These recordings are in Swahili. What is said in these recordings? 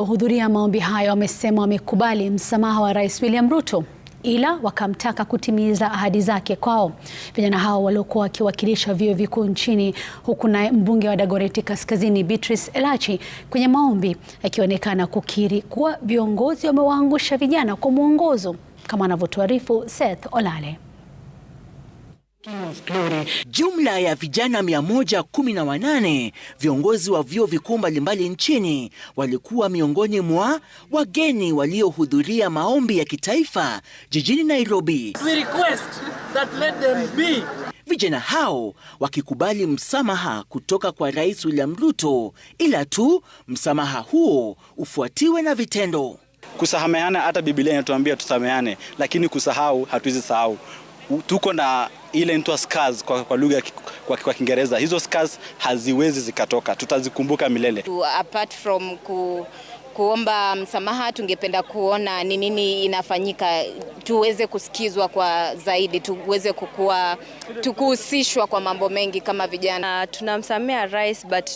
Wahudhuria maombi hayo wamesema wamekubali msamaha wa Rais William Ruto ila wakamtaka kutimiza ahadi zake kwao. Vijana hao waliokuwa wakiwakilisha vyuo vikuu nchini, huku naye mbunge wa Dagoretti Kaskazini Beatrice Elachi kwenye maombi akionekana kukiri kuwa viongozi wamewaangusha vijana kwa mwongozo, kama anavyotuarifu Seth Olale. Jumla ya vijana 118 viongozi wa vyuo vikuu mbalimbali nchini walikuwa miongoni mwa wageni waliohudhuria maombi ya kitaifa jijini Nairobi. Vijana hao wakikubali msamaha kutoka kwa Rais William Ruto, ila tu msamaha huo ufuatiwe na vitendo. Kusameheana, hata Biblia inatuambia tusameheane, lakini kusahau hatuwezi sahau tuko na ile inaitwa scars kwa, kwa lugha kwa, kwa Kiingereza. Hizo scars haziwezi zikatoka, tutazikumbuka milele. Apart from ku, kuomba msamaha, tungependa kuona ni nini inafanyika, tuweze kusikizwa kwa zaidi, tuweze kukua, tukuhusishwa kwa mambo mengi kama vijana. Uh, ah, tunamsamea rais but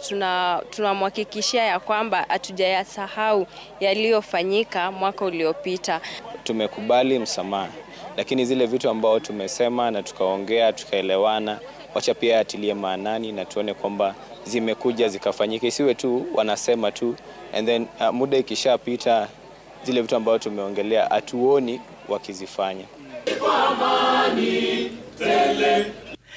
tunamhakikishia tuna ya kwamba hatujayasahau yaliyofanyika mwaka uliopita. Tumekubali msamaha lakini zile vitu ambao tumesema na tukaongea tukaelewana, wacha pia atilie maanani na tuone kwamba zimekuja zikafanyika, isiwe tu wanasema tu and then uh, muda ikishapita zile vitu ambao tumeongelea hatuoni wakizifanya. Kwa amani tele.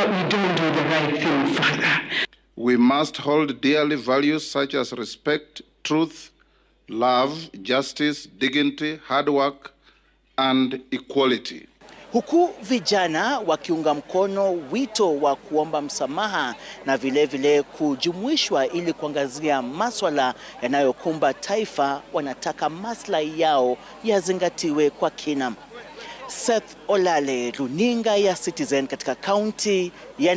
but we don't do the right thing, Father. We must hold dearly values such as respect, truth, love, justice, dignity, hard work, and equality. Huku vijana wakiunga mkono wito wa kuomba msamaha na vilevile vile kujumuishwa ili kuangazia maswala yanayokumba taifa, wanataka maslahi yao yazingatiwe kwa kina. Seth Olale, runinga ya Citizen katika kaunti ya